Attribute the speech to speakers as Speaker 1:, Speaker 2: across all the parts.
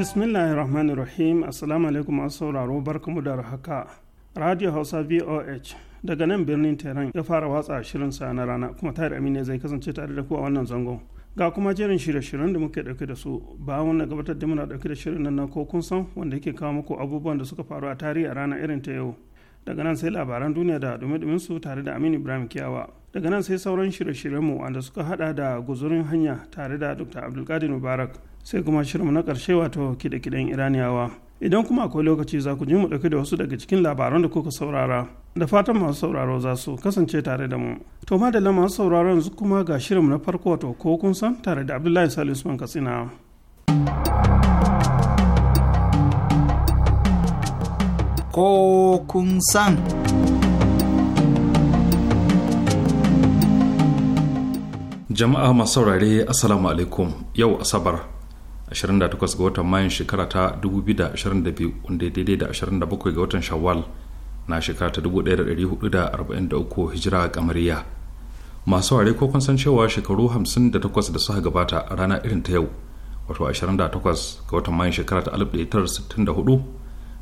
Speaker 1: bismillahir rahmanir rahim assalamu alaikum masu sauraro barkamu da haka radio hausa voh daga nan birnin tehran ya fara watsa shirin sa na rana kuma tayar amina zai kasance tare da ku a wannan zangon ga kuma jerin shirye-shiryen da muke dauke da su ba wannan gabatar da muna dauke da shirin nan na ko kun san wanda yake kawo muku abubuwan da suka faru a tarihi a rana irin ta yau daga nan sai labaran duniya da dumi su tare da aminu ibrahim kiyawa daga nan sai sauran shirye-shiryenmu wanda suka hada da guzurin hanya tare da dr abdulkadir mubarak sai kuma shirinmu na ƙarshe wato kiɗe-kiɗen iraniyawa idan kuma akwai lokaci za ku ji mu ɗauki da wasu daga cikin labaran da kuka saurara da fatan masu sauraro za su kasance tare da mu to madalla masu sauraro yanzu kuma ga shirinmu na farko wato ko kun san tare da abdullahi salisu usman katsina
Speaker 2: ko kun san
Speaker 3: jama'a masu saurare assalamu alaikum yau asabar 28 ga watan mayun shekara ta 2022 wanda ya daidai da 27 ga watan shawwal na shekara ta 1443 hijira kamariya masu ware ko kun san cewa shekaru 58 da suka gabata a rana irin ta yau wato 28 ga watan mayun shekara ta 1964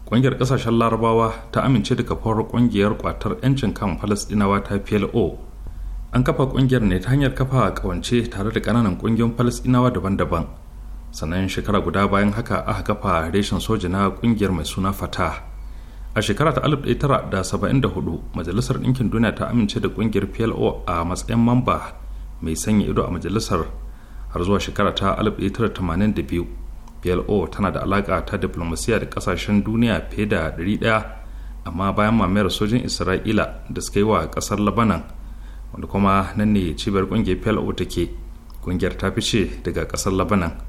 Speaker 3: ƙungiyar ƙasashen larabawa ta amince da kafar ƙungiyar kwatar 'yancin kan falasdinawa ta plo an kafa ƙungiyar ne ta hanyar kafa ƙawance tare da ƙananan kungiyoyin falasdinawa daban-daban sannan shekara guda bayan haka aka kafa reshen soja na kungiyar mai suna fata a shekara ta 1974 majalisar ɗinkin duniya ta amince da kungiyar plo a matsayin mamba mai sanya ido a majalisar har zuwa shekara ta 1982 plo tana da alaƙa ta diplomasiya da ƙasashen duniya fiye da 100 amma bayan mamayar sojin isra'ila da suka yi wa ƙasar labanan wanda kuma nan ne cibiyar kungiyar plo take kungiyar ta fice daga ƙasar labanan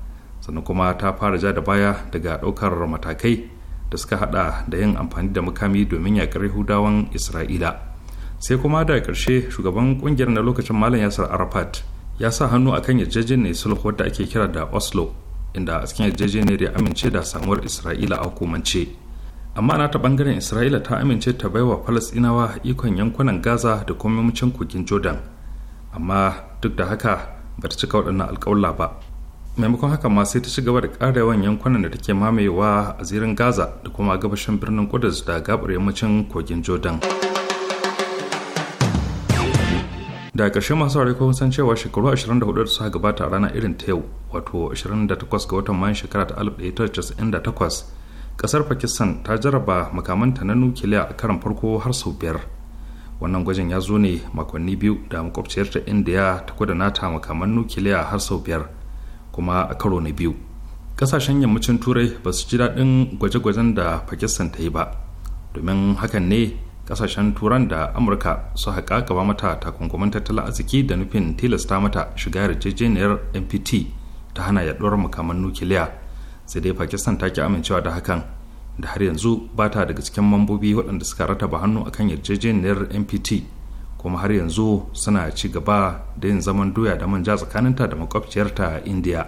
Speaker 3: sannan kuma ta fara ja da baya daga ɗaukar matakai da suka hada da yin amfani da makami domin yakar hudawan isra'ila sai kuma da ƙarshe shugaban ƙungiyar na lokacin malam yasar arafat ya sa hannu akan yarjejeniyar sulhu wadda ake kira da oslo inda a cikin yarjejeniyar ya amince da samuwar isra'ila a hukumance amma na ta bangaren isra'ila ta amince ta baiwa falasɗinawa ikon yankunan gaza da kuma kogin jordan amma duk da haka ba ta cika waɗannan alƙawla ba maimakon haka ma sai ta ci gaba da ƙara yawan yankunan da take mamayewa a zirin gaza da kuma gabashin birnin kudus da gabar yammacin kogin jordan da ƙarshe masu aure kuma san cewa shekaru 24 da suka gabata a rana irin ta yau wato 28 ga watan mayan shekara ta 1998 ƙasar pakistan ta jarraba makamanta na nukiliya a karan farko har sau biyar wannan gwajin ya zo ne makonni biyu da makwabciyarta indiya ta kudana nata makaman nukiliya har sau biyar kuma a karo na biyu kasashen yammacin turai ba su ji daɗin gwaje-gwajen da pakistan ta yi ba domin hakan ne kasashen turan da amurka su haƙa gaba mata takunkumin tattalin arziki da nufin tilasta mata shiga yarjejeniyar npt ta hana yaɗuwar makaman nukiliya sai dai pakistan ta ki amincewa da hakan da har yanzu ba ta daga cikin mambobi waɗanda suka rataba hannu akan yarjejeniyar npt kuma har yanzu suna ci gaba da yin zaman doya da manja tsakaninta da makwabciyarta india.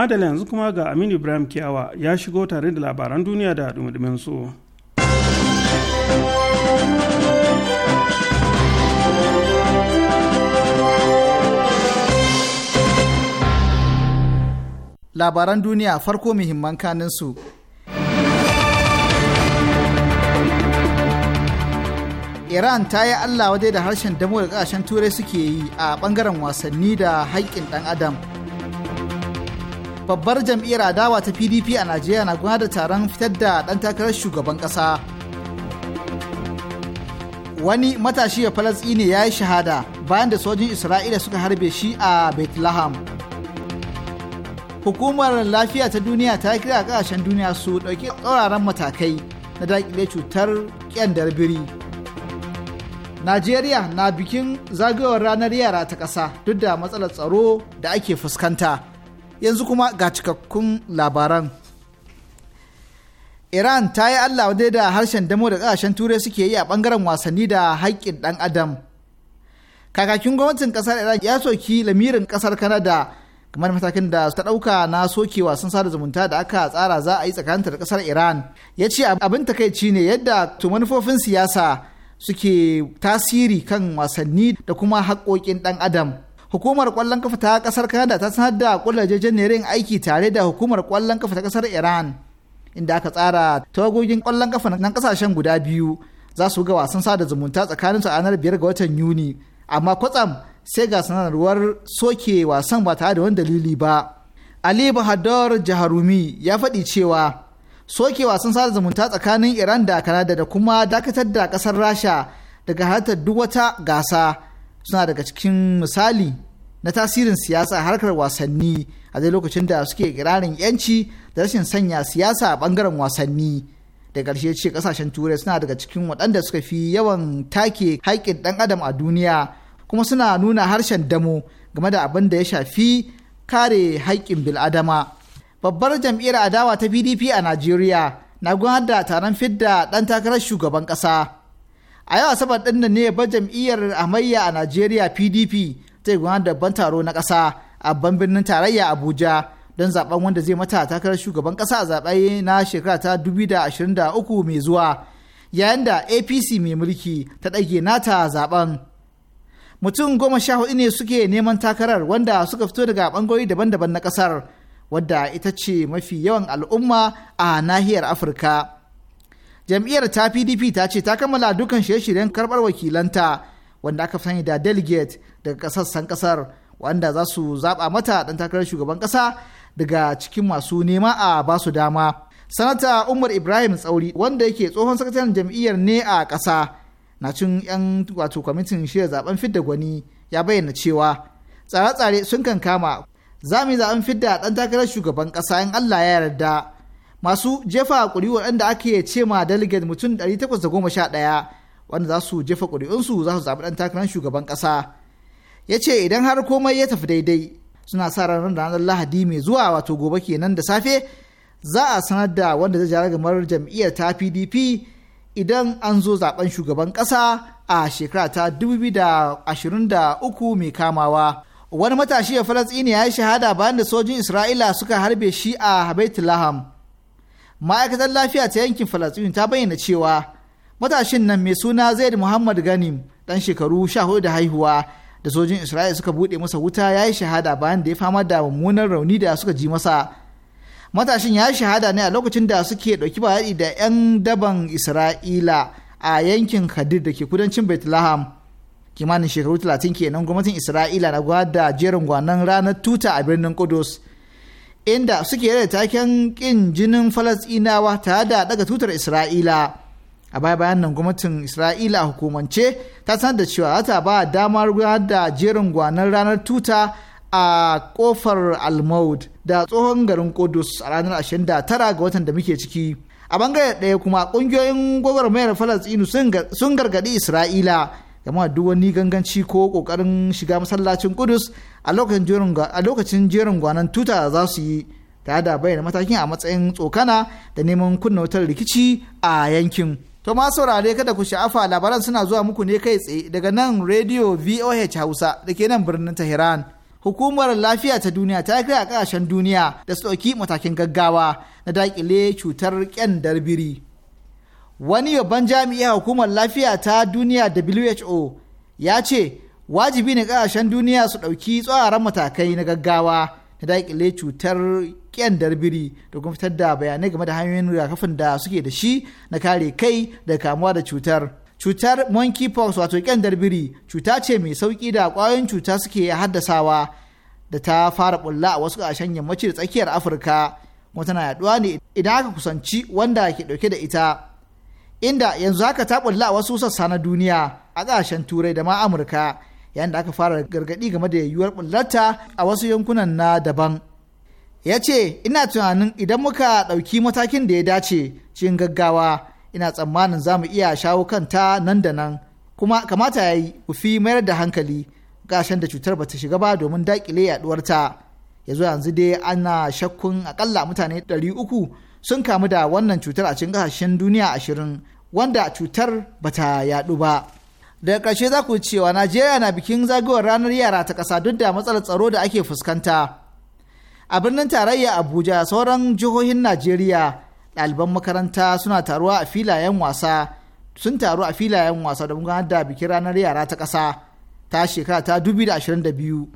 Speaker 1: madalin yanzu kuma ga aminu ibrahim kiyawa ya shigo tare da labaran duniya da dumudumin su
Speaker 2: labaran duniya farko muhimman kanin su Iran ta yi Allah waje da harshen damo da ƙasashen turai suke yi a ɓangaren wasanni da haƙƙin ɗan adam. babbar jam'iyyar adawa ta pdp a najeriya na gudanar da taron fitar da ɗan takarar shugaban ƙasa wani matashi ya falasɗini ya yi shahada bayan da sojin isra'ila suka harbe shi a bethlehem hukumar lafiya ta duniya ta kira ƙasashen duniya su ɗauki tsauraran matakai na daƙile cutar ƙyandar biri najeriya na bikin zagayowar ranar yara ta ƙasa duk da matsalar tsaro da ake fuskanta yanzu kuma ga cikakkun labaran iran ta yi allah wadai da harshen damo da kasashen turai suke yi a bangaren wasanni da haƙƙin ɗan adam kakakin gwamnatin ƙasar iran ya soki lamirin ƙasar kanada da matakin da ta ɗauka na soke wasan sada zumunta da aka tsara za a yi tsakaninta da ƙasar iran ya ce abin takaici ne yadda to manufofin siyasa suke tasiri kan wasanni da kuma haƙoƙin ɗan adam hukumar kwallon kafa ta kasar kanada ta sanar da kullar ne yin aiki tare da hukumar kwallon kafa ta kasar Iran inda aka tsara tawagogin kwallon kafa na kasashen guda biyu za su ga wasan sada zumunta tsakanin su a ranar biyar ga watan Yuni amma kwatsam sai ga sanarwar soke wasan ba tare da wani dalili ba. Ali Bahadur Jaharumi ya faɗi cewa soke wasan sada zumunta tsakanin Iran da Kanada da kuma dakatar da kasar Rasha daga halartar duk wata gasa suna daga cikin misali na tasirin siyasa harkar wasanni a zai lokacin da suke kirarin yanci da rashin sanya siyasa a bangaren wasanni da ƙarshe ce kasashen turai suna daga cikin waɗanda suka fi yawan take haƙƙin ɗan adam a duniya kuma suna nuna harshen damo game da abin da ya shafi kare haƙƙin bil'adama babbar jam'iyyar adawa ta pdp a najeriya na gudanar da taron fidda ɗan takarar shugaban ƙasa a yau asabar ɗin nan ne ba jam'iyyar amayya a najeriya pdp zai gudanar da ban taro na ƙasa a ban birnin tarayya abuja don zaben wanda zai mata takarar shugaban ƙasa a zaɓe na shekara ta 2023 mai zuwa yayin da apc mai mulki ta ɗage nata zaben mutum goma sha hudu ne suke neman takarar wanda suka fito daga bangarori daban-daban na kasar wadda ita ce mafi yawan al'umma a nahiyar afirka. jam'iyyar ta pdp ta ce ta kammala dukkan shirye-shiryen karbar wakilanta wanda aka sani da delegate daga kasassan kasar wanda za su zaɓa mata dan takarar shugaban kasa daga cikin masu nema a basu dama sanata umar ibrahim tsauri wanda yake tsohon sakataren jam'iyyar ne a kasa na cin 'yan wato kwamitin shirya zaben fidda gwani ya bayyana cewa tsare-tsare sun kankama za mu yi zaben fidda ɗan takarar shugaban kasa in allah ya yarda masu jefa ƙuri waɗanda ake ce ma delegate mutum 811 wanda za su jefa ƙuri'unsu za su zaɓi ɗan takarar shugaban ƙasa ya ce idan har komai ya tafi daidai suna sa ranar ranar lahadi mai zuwa wato gobe kenan da safe za a sanar da wanda zai jara gamar jam'iyyar ta pdp idan an zo zaben shugaban ƙasa a shekara ta 2023 mai kamawa wani matashi a falasɗini ya yi shahada bayan da sojin isra'ila suka harbe shi a baitul ma'aikatar lafiya ta yankin falastin ta bayyana cewa matashin nan mai suna zaid muhammad ganim dan shekaru sha da haihuwa da sojin isra'ila suka buɗe masa wuta ya yi shahada bayan da ya fama da mummunan rauni da suka ji masa matashin ya yi shahada ne a lokacin da suke ɗauki bayani da 'yan daban isra'ila a yankin kadir da ke kudancin betlehem kimanin shekaru talatin kenan gwamnatin isra'ila na gwada jerin gwanan ranar tuta a birnin kudus inda suke da taken ƙin jinin falasɗinawa tare da daga tutar isra'ila a baya bayan nan gwamnatin isra'ila a hukumance ta sanar da cewa za ta ba damar gudanar da jerin gwanar ranar tuta a kofar almaud da tsohon garin kudus a ranar 29 ga watan da muke ciki a bangare ɗaya kuma ƙungiyoyin gwagwarmayar falasɗinu sun gargaɗi isra'ila game duk wani ganganci ko kokarin shiga masallacin kudus a lokacin jerin gwanan tuta za su yi tare da bayyana matakin a matsayin tsokana da neman kunna wutar rikici a yankin to ma saurare kada ku sha'afa labaran suna zuwa muku ne kai tsaye daga nan radio voh hausa da ke nan birnin tehran hukumar lafiya ta duniya ta kai a kasashen duniya da su ɗauki matakin gaggawa na dakile cutar ƙyandar biri wani babban jami'a hukumar lafiya ta duniya who ya ce wajibi ne kasashen duniya su ɗauki tsawaran matakai na gaggawa na daƙile cutar ƙyandar biri da kuma fitar da bayanai game da hanyoyin rigakafin da suke da shi na kare kai da kamuwa da cutar cutar monkeypox wato ƙyandar biri cuta ce mai sauƙi da ƙwayoyin cuta suke haddasawa da ta fara bulla a wasu ƙasashen yammaci da tsakiyar afirka kuma tana yaduwa ne idan aka kusanci wanda ke ɗauke da ita inda yanzu haka ta bulla wasu sassa na duniya a ƙasashen turai da ma amurka yayin da aka fara gargaɗi game da yiwuwar bullarta a wasu yankunan na daban ya ce ina tunanin idan muka ɗauki matakin da ya dace cikin gaggawa ina tsammanin za mu iya shawo kanta nan da nan kuma kamata ya yi fi mayar da hankali gashin da cutar bata shiga ba domin daƙile yaɗuwarta ya yanzu dai ana shakkun akalla mutane ɗari uku sun kamu da wannan cutar a cikin kasashen duniya ashirin wanda cutar bata yaɗu ba. Daga ƙarshe za ku cewa Najeriya na bikin zagayowar ranar yara ta ƙasa duk da matsalar tsaro da ake fuskanta. A birnin tarayya Abuja sauran jihohin Najeriya ɗaliban makaranta suna taruwa a filayen wasa sun taru a filayen wasa da gudanar da bikin ranar yara ta ƙasa ta shekara ta 2022.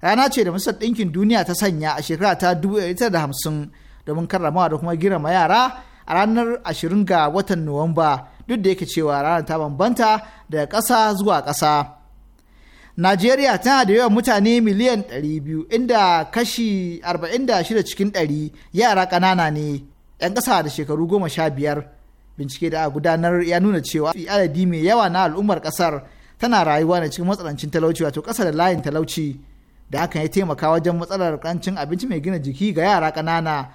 Speaker 2: Rana ce da Majalisar Ɗinkin Duniya ta sanya a shekara ta 1950 domin karramawa da kuma girma yara a ranar 20 ga watan Nuwamba duk da yake cewa ranar ta bambanta daga ƙasa zuwa ƙasa. Najeriya tana da yawan mutane miliyan 200 inda kashi 46 cikin 100 yara ƙanana ne 'yan ƙasa da shekaru 15. Bincike da a gudanar ya nuna cewa adadi mai yawa na al'ummar ƙasar tana rayuwa ne cikin matsanancin talauci wato ƙasa da layin talauci da hakan ya taimaka wajen matsalar ƙarancin abinci mai gina jiki ga yara kanana.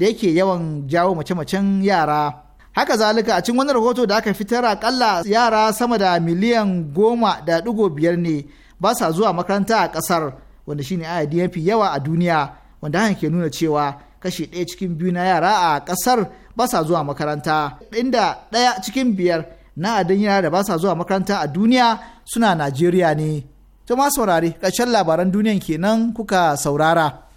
Speaker 2: da yake yawan jawo mace-macen yara haka zalika a cikin wani rahoto da aka fitar akalla yara sama da miliyan goma da ɗigo biyar ne ba sa zuwa makaranta a ƙasar wanda shine ya fi yawa a duniya wanda hakan ke nuna cewa kashi ɗaya cikin biyu na yara a ƙasar ba sa zuwa makaranta inda ɗaya cikin biyar na adin yara da ba sa zuwa makaranta a duniya suna najeriya ne to ma saurare ƙarshen labaran duniyan kenan kuka saurara.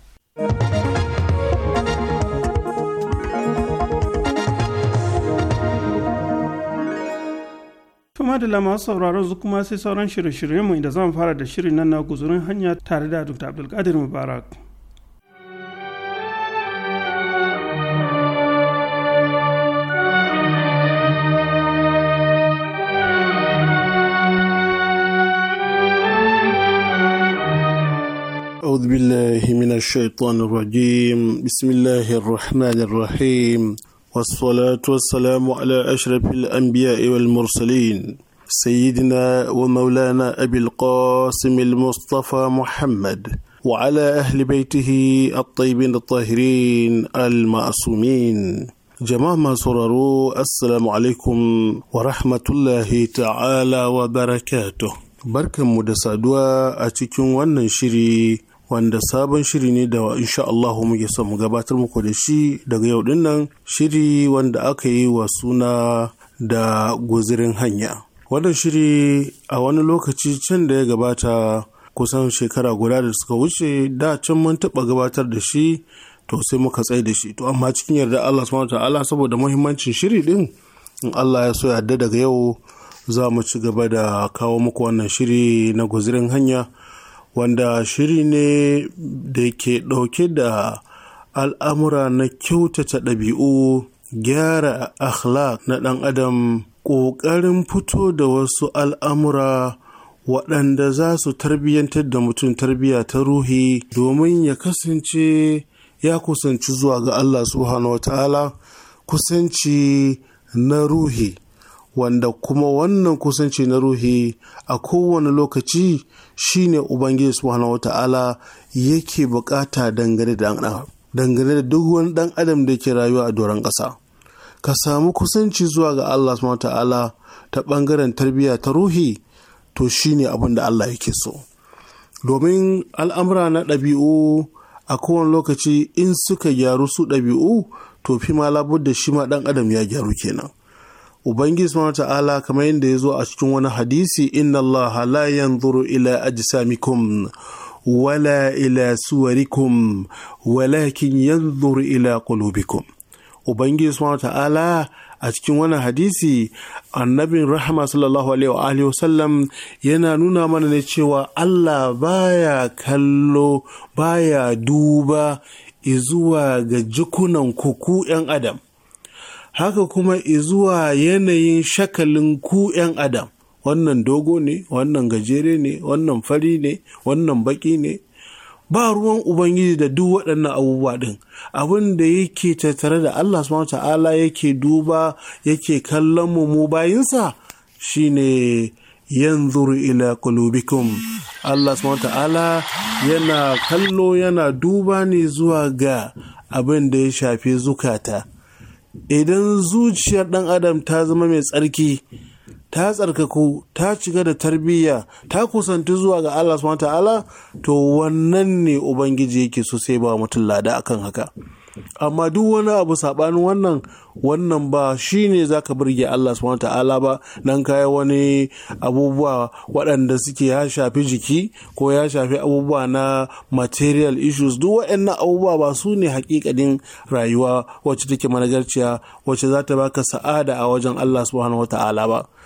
Speaker 1: Tuma da lama sauraron su kuma sai sauran shirye shiryen mu inda zan fara da shirin nan na guzurin hanya tare da Dr. Abdulkadir Mubarak.
Speaker 4: أعوذ بالله من الشيطان الرجيم بسم الله والصلاة والسلام على أشرف الأنبياء والمرسلين سيدنا ومولانا أبي القاسم المصطفى محمد وعلى أهل بيته الطيبين الطاهرين المعصومين jama'a sauraro assalamu alaikum wa rahmatullahi ta'ala wa barakatuh barkanmu da saduwa a cikin wannan shiri wanda sabon shiri ne da insha Allah ke son mu gabatar muku da shi daga yau din nan shiri wanda aka yi wa suna da guzirin hanya. Wannan shiri a wani lokaci can da ya gabata kusan shekara guda da suka wuce da can mun taɓa gabatar da shi to sai muka tsai da shi to amma cikin yarda Allah subhanahu ta'ala saboda muhimmancin shiri din in Allah ya so yarda daga yau za mu ci gaba da kawo muku wannan shiri na guzirin hanya wanda shiri ne da ke ɗauke da al'amura na kyautata ɗabi'u gyara akhlaq na ɗan adam ƙoƙarin fito da wasu al'amura waɗanda za su tarbiyyantar da mutum tarbiyya ta ruhi domin ya kasance ya kusanci zuwa ga Allah subhanahu wa kusanci na ruhi wanda kuma wannan kusanci na ruhi a kowane lokaci Shi ne ubangiji subhanahu ta'ala yake bukata dangane da dangane da duk wani dan adam da ke rayuwa a doron ƙasa ka samu kusanci zuwa ga Allah subhanahu ta'ala ta ɓangaren tarbiyya ta ruhi to shine abin da Allah yake so domin al'amura na ɗabi'u a kowane lokaci in suka gyaru su ɗabi'u to fi ma labar da shi ma ɗan adam ya gyaru kenan ubangiji subhanahu ta'ala kamar yadda ya zo a cikin wani hadisi inna allaha la yanzuru ila ajsamikum wala ila suwarikum walakin yanzuru ila qulubikum ubangiji subhanahu ta'ala a cikin wani hadisi annabin rahama sallallahu alaihi wasallam yana nuna mana ne cewa Allah baya kallo baya duba izuwa ga jikunan kuku 'yan adam haka kuma zuwa yanayin shakalin ku 'yan adam wannan dogo ne wannan gajere ne wannan fari ne wannan baki ne ba ruwan ubangiji da duk waɗannan abubuwa ɗin abin da yake tattare da allah subhanahu ta'ala yake duba yake kallon mu mu bayinsa shine yanzu ila qulubikum allah subhanahu ta'ala yana kallo yana duba ne zuwa ga abin da ya shafi zukata idan zuciyar ɗan adam ta zama mai tsarki ta tsarkaku ta shiga da tarbiyya ta kusanci zuwa ga Allah subhanahu ta'ala to wannan ne ubangiji yake so sai ba mutum lada akan haka amma duk wani abu saɓanin wannan wannan ba shi ne za ka birge Allah subhanahu ta'ala ba don kayan wani abubuwa waɗanda suke ya shafi jiki ko ya shafi abubuwa na material issues duk waɗannan abubuwa ba su ne hakikadin rayuwa wacce take managarciya wacce za ta baka sa'ada a wajen Allah subhanahu ta'ala ba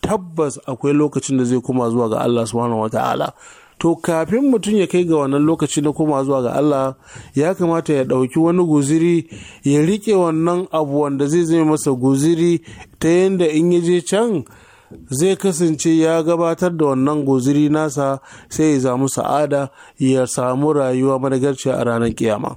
Speaker 4: tabbas akwai lokacin da zai koma zuwa ga Allah subhanahu ta'ala to kafin mutum ya kai ga wannan lokaci na koma zuwa ga Allah ya kamata ya ɗauki wani guziri ya riƙe wannan abu wanda zai zama masa guziri ta yadda in ya je can zai kasance ya gabatar da wannan guziri nasa sai ya samu sa'ada ya samu rayuwa managarci a ranar kiyama.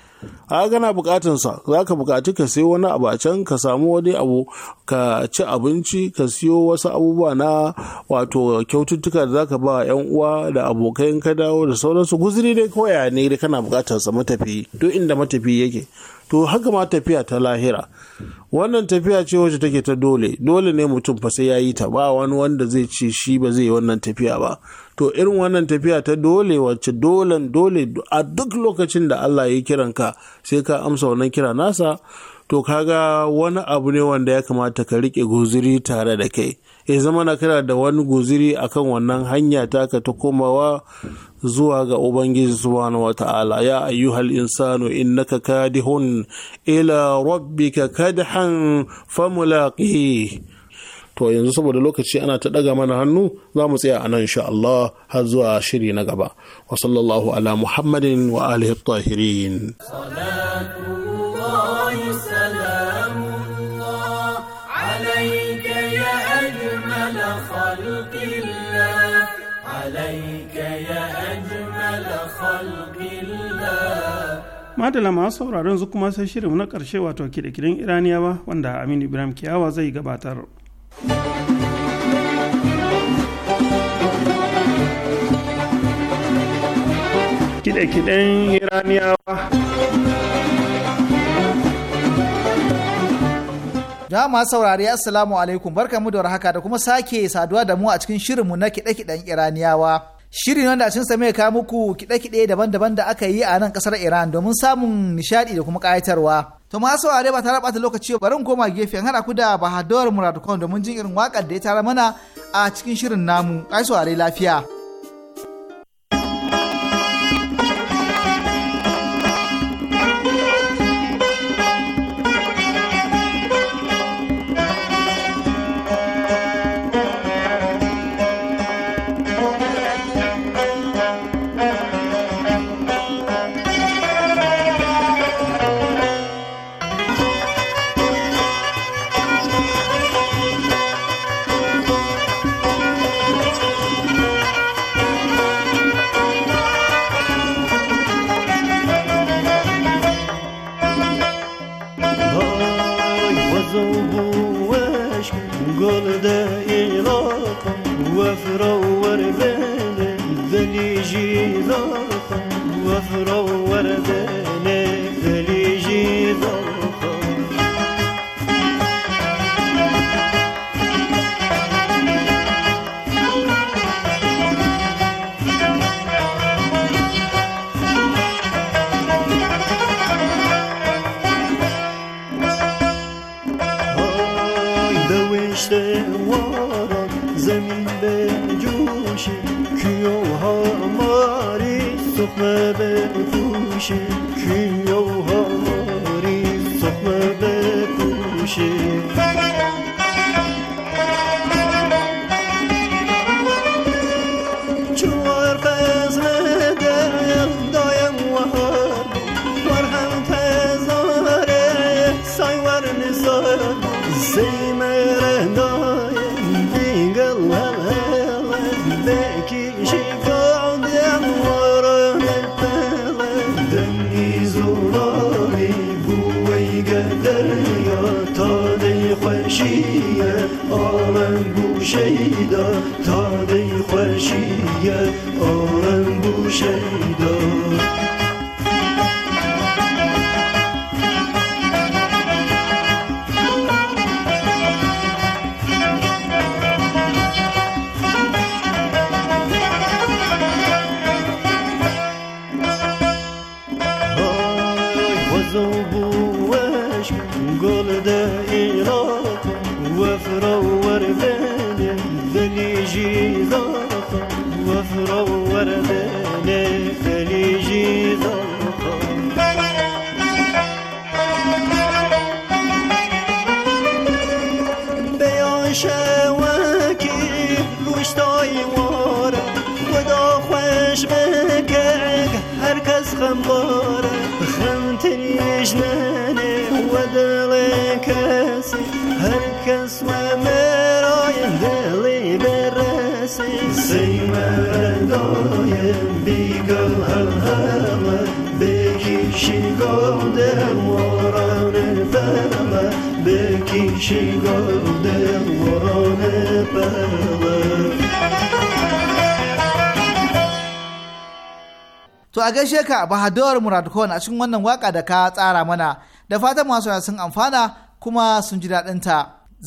Speaker 4: a kana bukatunsa za ka bukaci ka sayo wani abu ka samu wani abu ka ci abinci ka siyo wasu abubuwa na wato kyaututtuka da za ka ba yan uwa da abokan ka dawo da sauransu guzuri dai koya ne da kana bukatarsa matafi duk inda matafi yake to haka ma tafiya ta lahira wannan tafiya ce wacce take ta dole dole ne mutum fa sai ya yi ta ba wani wanda zai ce shi ba zai yi wannan tafiya ba to irin wannan tafiya ta dole wacce dole dole a duk lokacin da Allah ya ka sai ka amsa wannan kira nasa to kaga wani abu ne wanda ya kamata ka rike guziri tare da kai ya zama na kana da wani guziri akan wannan hanya taka ta komawa zuwa ga ubangiji subhanahu wata'ala ya ayyuhal insanu innaka kadihun ila rabbika kadhan famulaqi to yanzu saboda lokaci ana ta daga mana hannu za mu tsaya anan insha Allah har zuwa shiri na gaba wa sallallahu ala muhammadin wa alihi tahirin
Speaker 1: madala masu sauraron zu kuma sai shirin na ƙarshe wato kiɗe-kiɗen iraniyawa wanda aminu ibrahim kiyawa zai gabatar kiɗe-kiɗen iraniyawa
Speaker 2: saurari Assalamu alaikum barkamu da warhaka da kuma sake saduwa da mu a cikin shirinmu na kiɗe-kiɗen Iraniyawa. shirin wanda sun same ka kawo muku kiɗe-kiɗe daban-daban da aka yi a nan kasar Iran domin samun nishaɗi da kuma ƙayatarwa. To masu saurare ba ta ɓata lokaci bari in koma gefe an haɗa ku da Bahadur Muradu Kwan domin jin irin waƙar da ya tara mana a cikin shirin namu. Ai saurare lafiya.
Speaker 5: diye Oren bu گل ده ایران و فرو ور گفتم وارانه فرما فرما
Speaker 2: To a gaishe ka Bahadur Murad Khan a cikin wannan waka da ka tsara mana da fatan masu sun amfana kuma sun ji daɗin ta.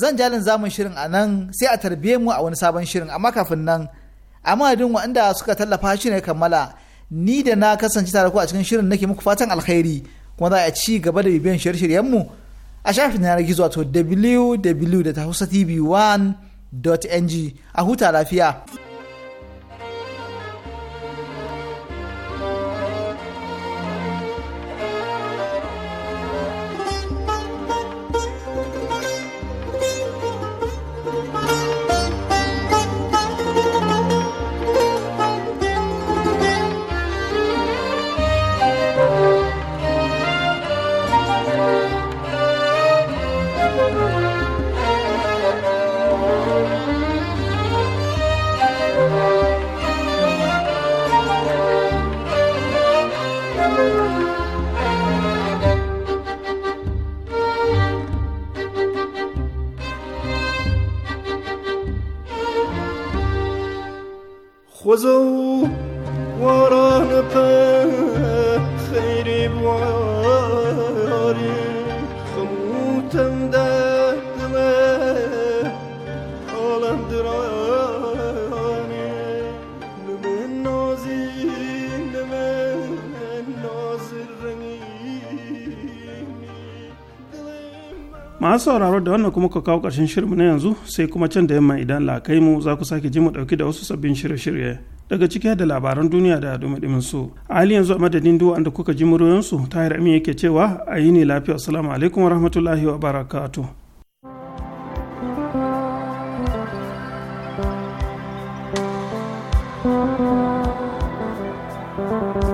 Speaker 2: Zan jalin zamun shirin a nan sai a tarbiye mu a wani sabon shirin amma kafin nan a madadin waɗanda suka tallafa shi ne kammala ni da na kasance tare ku a cikin shirin nake muku fatan alkhairi kuma za a ci gaba da bibiyan shirye mu a shafin na gizo wato www.hausatv1.ng a huta lafiya.
Speaker 5: خوزو واران په خیری بوان
Speaker 1: masu sauraro da wannan kuma ka kawo ƙarshen shirinmu na yanzu sai kuma can da yamma idan lakai mu za ku sake ji mu ɗauki da wasu sabbin shirye-shirye daga ciki da labaran duniya da dumi su a hali yanzu a madadin duwa da kuka ji muryoyinsu tahir amin yake cewa a yi ne lafiya assalamu alaikum wa rahmatullahi wa barakatu.
Speaker 6: Thank you.